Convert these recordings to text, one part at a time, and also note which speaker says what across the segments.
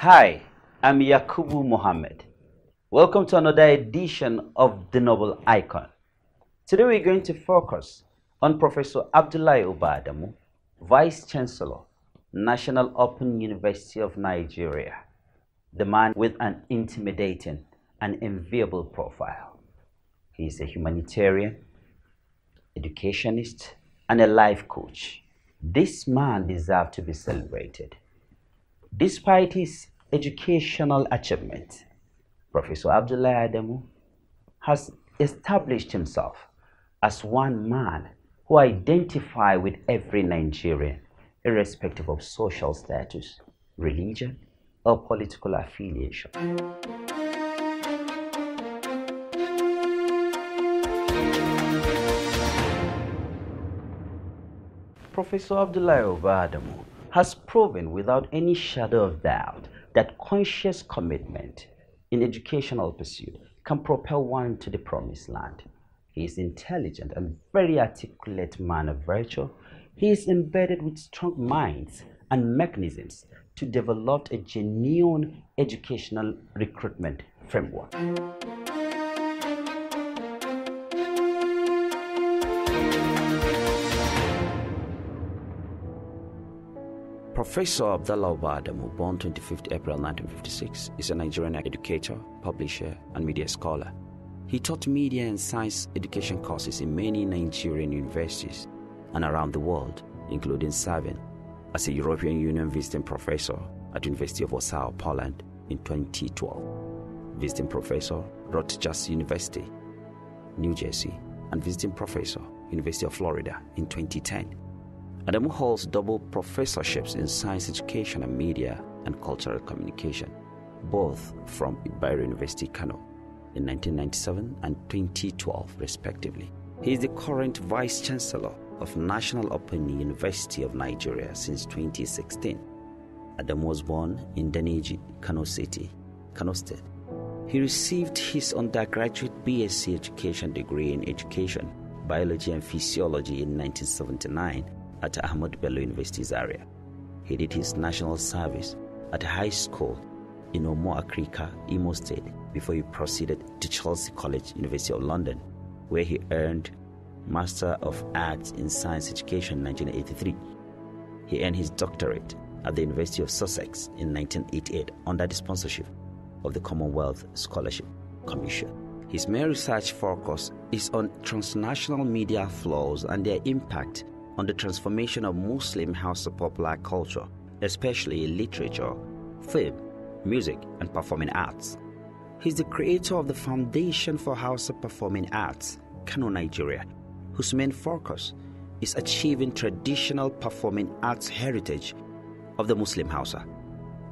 Speaker 1: Hi, I'm Yakubu Mohammed. Welcome to another edition of The Noble Icon. Today we're going to focus on Professor Abdullahi Obadamu, Vice Chancellor, National Open University of Nigeria, the man with an intimidating and enviable profile. He is a humanitarian, educationist, and a life coach. This man deserves to be celebrated. Despite his educational achievement, Professor Abdullah Adamu has established himself as one man who identifies with every Nigerian, irrespective of social status, religion, or political affiliation. Professor Abdullah Obadamu has proven without any shadow of doubt that conscious commitment in educational pursuit can propel one to the promised land. He is intelligent and very articulate man of virtue. He is embedded with strong minds and mechanisms to develop a genuine educational recruitment framework. Professor Abdallah Obadamu, born 25 April 1956, is a Nigerian educator, publisher, and media scholar. He taught media and science education courses in many Nigerian universities and around the world, including serving as a European Union visiting professor at University of Warsaw, Poland in 2012, visiting professor, Rutgers University, New Jersey, and visiting professor, University of Florida in 2010. Adamu holds double professorships in science education and media and cultural communication, both from Ibairo University, Kano, in 1997 and 2012, respectively. He is the current Vice Chancellor of National Open University of Nigeria since 2016. Adam was born in Daneji, Kano City, Kano State. He received his undergraduate BSc education degree in education, biology, and physiology in 1979 at Ahmed Bello University Zaria. He did his national service at high school in Omo Akrika, Imo State, before he proceeded to Chelsea College, University of London, where he earned Master of Arts in Science Education 1983. He earned his doctorate at the University of Sussex in 1988 under the sponsorship of the Commonwealth Scholarship Commission. His main research focus is on transnational media flows and their impact on the transformation of Muslim house of popular culture, especially literature, film, music, and performing arts. He's the creator of the Foundation for Hausa Performing Arts, Kano Nigeria, whose main focus is achieving traditional performing arts heritage of the Muslim Hausa.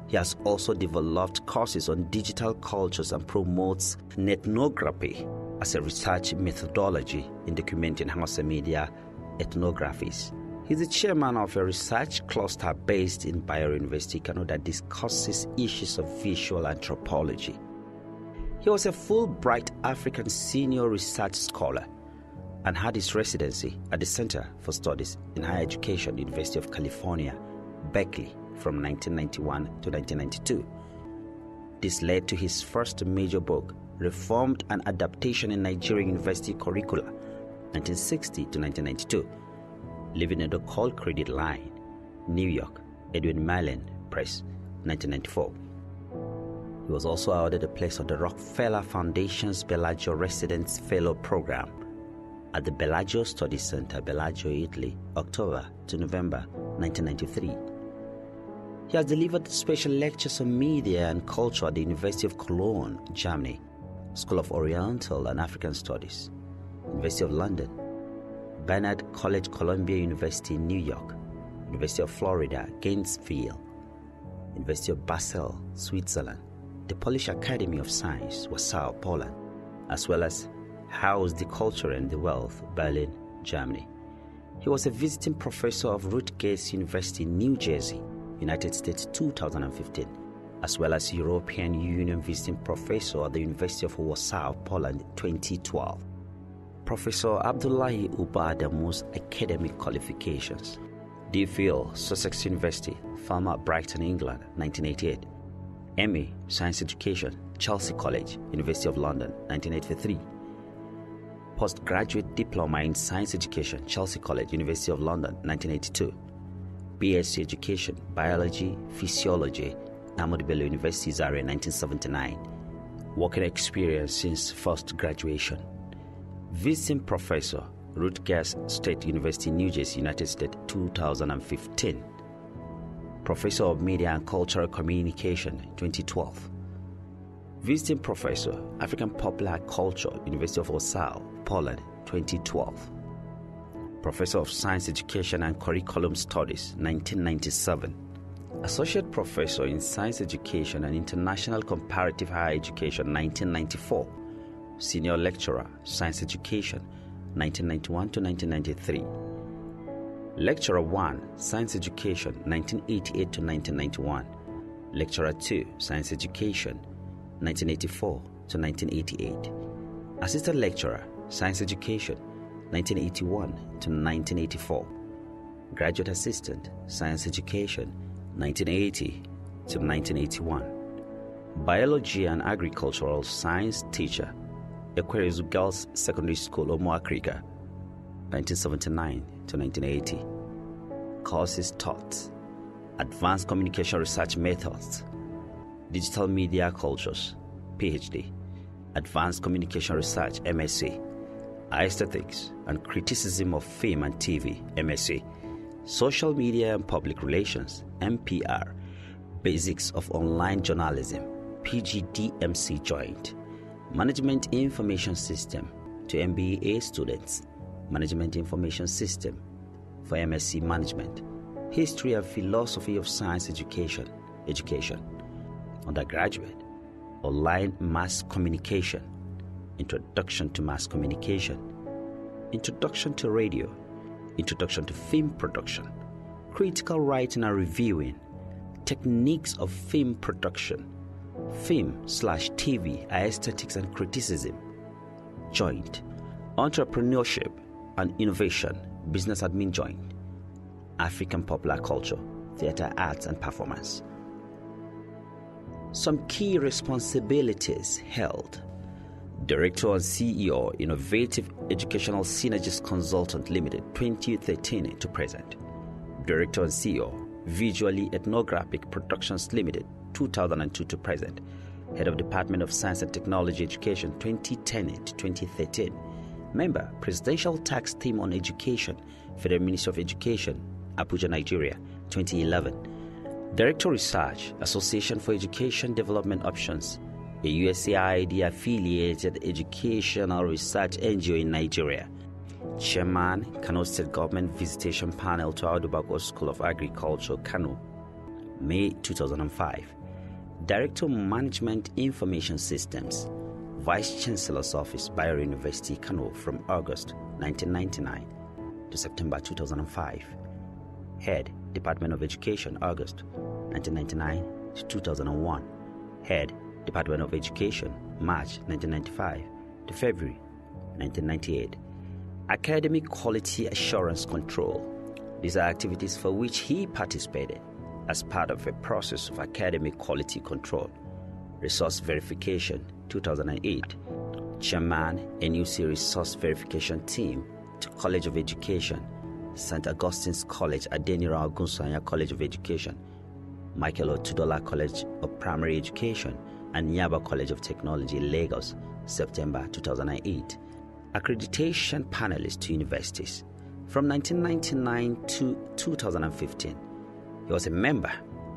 Speaker 1: He has also developed courses on digital cultures and promotes ethnography as a research methodology in documenting Hausa media ethnographies. He's the chairman of a research cluster based in Biouniversity Canada that discusses issues of visual anthropology. He was a Fulbright African Senior Research Scholar and had his residency at the Center for Studies in Higher Education, University of California, Berkeley, from 1991 to 1992. This led to his first major book, Reformed and Adaptation in Nigerian University Curricula, 1960 to 1992. Living in the Cold Credit Line, New York, Edwin Mallon Press, 1994. He was also awarded a place on the Rockefeller Foundation's Bellagio Residence Fellow Program at the Bellagio Study Center, Bellagio, Italy, October to November 1993. He has delivered special lectures on media and culture at the University of Cologne, Germany, School of Oriental and African Studies. University of London, Barnard College, Columbia University, New York, University of Florida, Gainesville, University of Basel, Switzerland, the Polish Academy of Science, Warsaw, Poland, as well as housed the culture and the wealth, Berlin, Germany. He was a visiting professor of Rutgers University, New Jersey, United States 2015, as well as European Union visiting professor at the University of Warsaw, Poland 2012. Professor Abdullahi Uba the most academic qualifications. DPhil, Sussex University, Pharma, Brighton, England, 1988. MA, Science Education, Chelsea College, University of London, 1983. Postgraduate Diploma in Science Education, Chelsea College, University of London, 1982. BSc Education, Biology, Physiology, Ahmad Bello University, Zaria, 1979. Working experience since first graduation visiting professor, Rutgers State University, New Jersey, United States, 2015. Professor of Media and Cultural Communication, 2012. Visiting Professor, African Popular Culture, University of Warsaw, Poland, 2012. Professor of Science Education and Curriculum Studies, 1997. Associate Professor in Science Education and International Comparative Higher Education, 1994 senior lecturer, science education, 1991 to 1993. Lecturer 1, science education, 1988 to 1991. Lecturer 2, science education, 1984 to 1988. Assistant lecturer, science education, 1981 to 1984. Graduate assistant, science education, 1980 to 1981. Biology and agricultural science teacher, Aquarius Girls Secondary School, Omoakrika, 1979 to 1980. Courses taught Advanced Communication Research Methods, Digital Media Cultures, PhD, Advanced Communication Research, MSc, Aesthetics and Criticism of Film and TV, MSc, Social Media and Public Relations, MPR, Basics of Online Journalism, PGDMC Joint. Management Information System to MBA students, Management Information System for MSc Management, History and Philosophy of Science Education, Education, Undergraduate, Online Mass Communication, Introduction to Mass Communication, Introduction to Radio, Introduction to Film Production, Critical Writing and Reviewing, Techniques of Film Production, Film slash TV aesthetics and criticism. Joint entrepreneurship and innovation, business admin joint. African popular culture, theater arts and performance. Some key responsibilities held. Director and CEO, Innovative Educational Synergies Consultant Limited, 2013 to present. Director and CEO, Visually Ethnographic Productions Limited, 2002 to present, Head of Department of Science and Technology Education 2010 to 2013, Member, Presidential Tax Team on Education, Federal Ministry of Education, Abuja, Nigeria 2011, Director Research, Association for Education Development Options, a USAID affiliated educational research NGO in Nigeria. Chairman, Kano State Government Visitation Panel to Audubon School of Agriculture, Kano, May 2005. Director Management Information Systems, Vice Chancellor's Office, Bayer University, Kano, from August 1999 to September 2005. Head, Department of Education, August 1999 to 2001. Head, Department of Education, March 1995 to February 1998. Academic Quality Assurance Control. These are activities for which he participated as part of a process of academic quality control. Resource Verification 2008, Chairman, a new resource verification team to College of Education, St. Augustine's College, Adenira Ogunsanya College of Education, Michael Otudola College of Primary Education, and Nyaba College of Technology, Lagos, September 2008. Accreditation panelists to universities. From 1999 to 2015, he was a member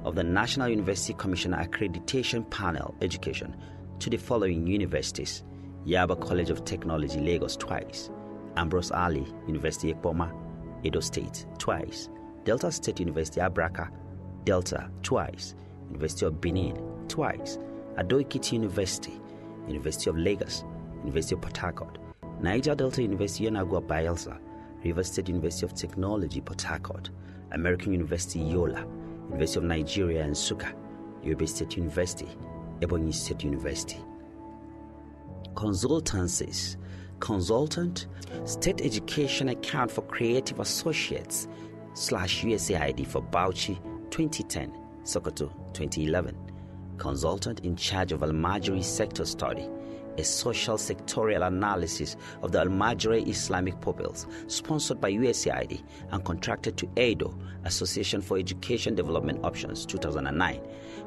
Speaker 1: of the National University Commissioner Accreditation Panel Education to the following universities Yaba College of Technology, Lagos, twice, Ambrose Ali University Ekpoma, Edo State, twice, Delta State University, Abraka, Delta, twice, University of Benin, twice, Adoikiti University, University of Lagos, University of Port Harcourt, Niger Delta University, Yenagua, Bielsa, River State University of Technology, Port Harcourt, American University Yola, University of Nigeria and Suka, Yobe State University, Ebonyi State University. Consultancies, consultant, state education account for creative associates, slash USAID for Bauchi 2010, Sokoto 2011. Consultant in charge of Almajiri sector study, a social sectorial analysis of the Almajre Islamic Pupils, sponsored by USAID and contracted to ADO, Association for Education Development Options, 2009.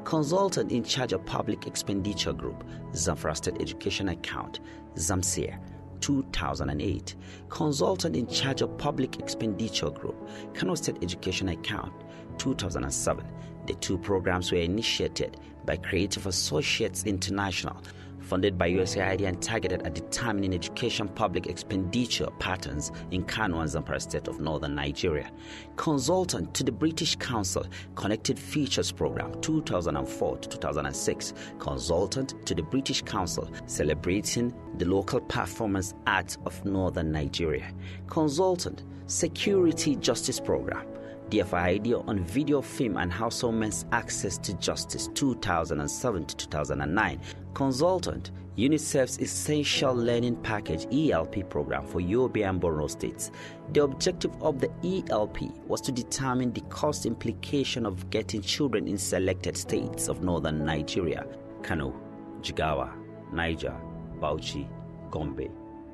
Speaker 1: Consultant in charge of Public Expenditure Group, Zamfara State Education Account, Zamseer, 2008, consultant in charge of Public Expenditure Group, Kano State Education Account, 2007. The two programs were initiated by Creative Associates International, funded by USAID and targeted at determining education public expenditure patterns in Kano and Zamfara state of northern Nigeria. Consultant to the British Council Connected Features Program 2004 to 2006. Consultant to the British Council celebrating the local performance arts of northern Nigeria. Consultant Security Justice Program DFI idea on video film and household men's access to justice 2007 to 2009. Consultant UNICEF's Essential Learning Package ELP program for Yobe and Borno states. The objective of the ELP was to determine the cost implication of getting children in selected states of northern Nigeria, Kano, Jigawa, Niger, Bauchi, Gombe,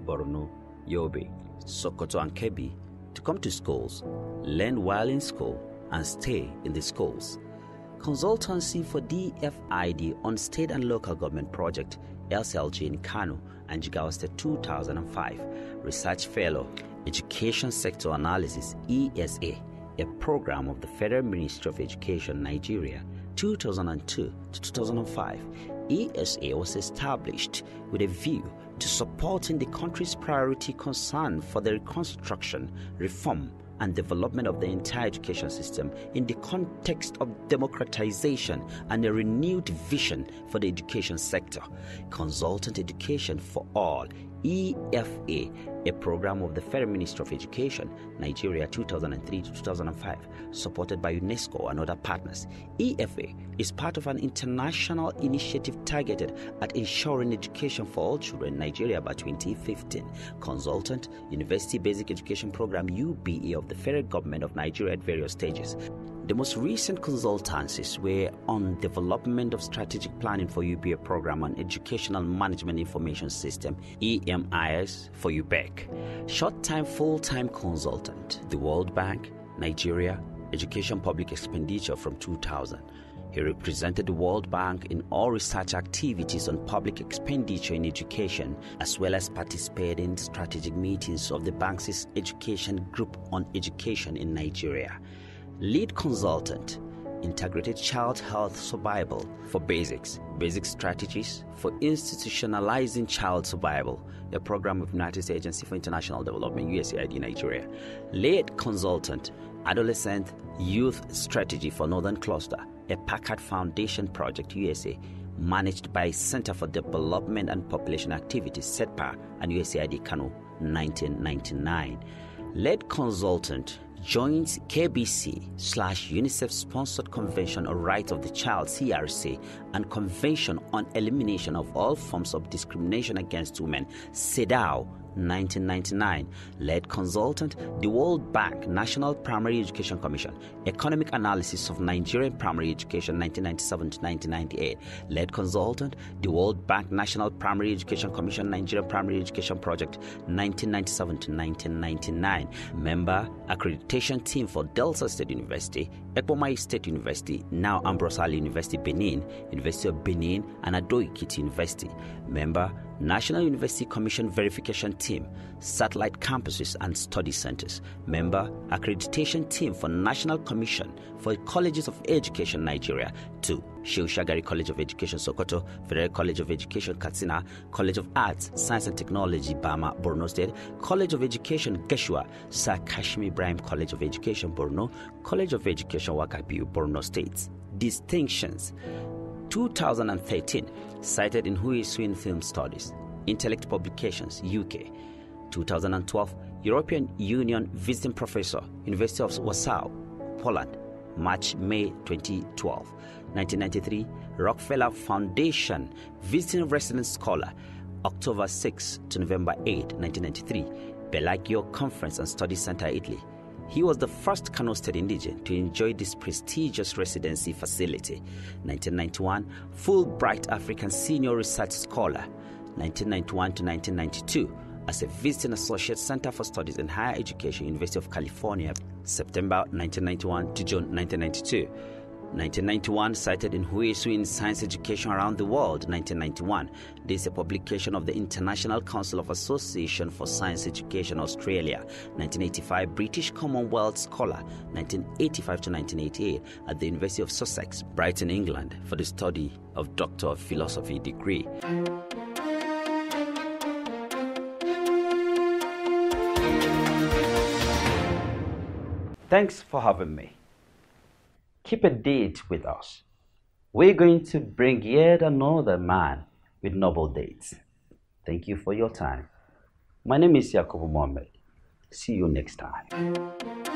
Speaker 1: Borno, Yobe, Sokoto, and Kebi to come to schools learn while in school, and stay in the schools. Consultancy for DFID on State and Local Government Project SLG in Kano and Jigawa State 2005, Research Fellow, Education Sector Analysis ESA, a program of the Federal Ministry of Education Nigeria 2002 to 2005. ESA was established with a view to supporting the country's priority concern for the reconstruction, reform, and development of the entire education system in the context of democratization and a renewed vision for the education sector. Consultant Education for All, EFA, a program of the Federal Ministry of Education, Nigeria 2003 to 2005, supported by UNESCO and other partners. EFA is part of an international initiative targeted at ensuring education for all children in Nigeria by 2015. Consultant, University Basic Education Program UBE of the Federal Government of Nigeria at various stages. The most recent consultancies were on development of strategic planning for UBA program and educational management information system EMIS for UBEC. Short-time full-time consultant, the World Bank, Nigeria, Education Public Expenditure from 2000. He represented the World Bank in all research activities on public expenditure in education, as well as participated in strategic meetings of the bank's education group on education in Nigeria. Lead Consultant, Integrated Child Health Survival for Basics, Basic Strategies for Institutionalizing Child Survival, a program of United States Agency for International Development, USAID Nigeria. Lead Consultant, Adolescent Youth Strategy for Northern Cluster, a Packard Foundation project, USA, managed by Center for Development and Population Activities, SETPA, and USAID Kano, 1999. Lead Consultant, joins KBC slash UNICEF sponsored Convention on Rights of the Child CRC and Convention on Elimination of All Forms of Discrimination Against Women, CEDAW 1999, lead consultant, the World Bank National Primary Education Commission, Economic Analysis of Nigerian Primary Education 1997 to 1998, lead consultant, the World Bank National Primary Education Commission Nigerian Primary Education Project 1997 to 1999, member accreditation team for Delta State University, Ekpomai State University, now Ambrosali University Benin, University of Benin, and Adoikiti University, member National University Commission Verification Team, Satellite Campuses and Study Centers, Member Accreditation Team for National Commission for Colleges of Education Nigeria, 2. Shilshagari College of Education Sokoto, Federal College of Education Katsina, College of Arts, Science and Technology Bama, Borno State, College of Education Geshua, Sir Kashmi Ibrahim College of Education Borno, College of Education Wakabiu, Borno State. Distinctions 2013 cited in Who is Who Film Studies, Intellect Publications, UK, 2012, European Union Visiting Professor, University of Warsaw, Poland, March May 2012. 1993, Rockefeller Foundation Visiting Resident Scholar, October 6 to November 8, 1993, Bellagio Conference and Study Center, Italy, he was the first Kano State indigent to enjoy this prestigious residency facility. 1991, Fulbright African Senior Research Scholar. 1991 to 1992, as a visiting associate Center for Studies in Higher Education, University of California, September 1991 to June 1992. 1991 cited in Huisu in Science Education Around the World 1991. This is a publication of the International Council of Association for Science Education Australia 1985 British Commonwealth Scholar 1985 to 1988 at the University of Sussex, Brighton, England for the study of Doctor of Philosophy degree. Thanks for having me keep a date with us. We're going to bring yet another man with noble dates. Thank you for your time. My name is Yakubu Mohammed. See you next time.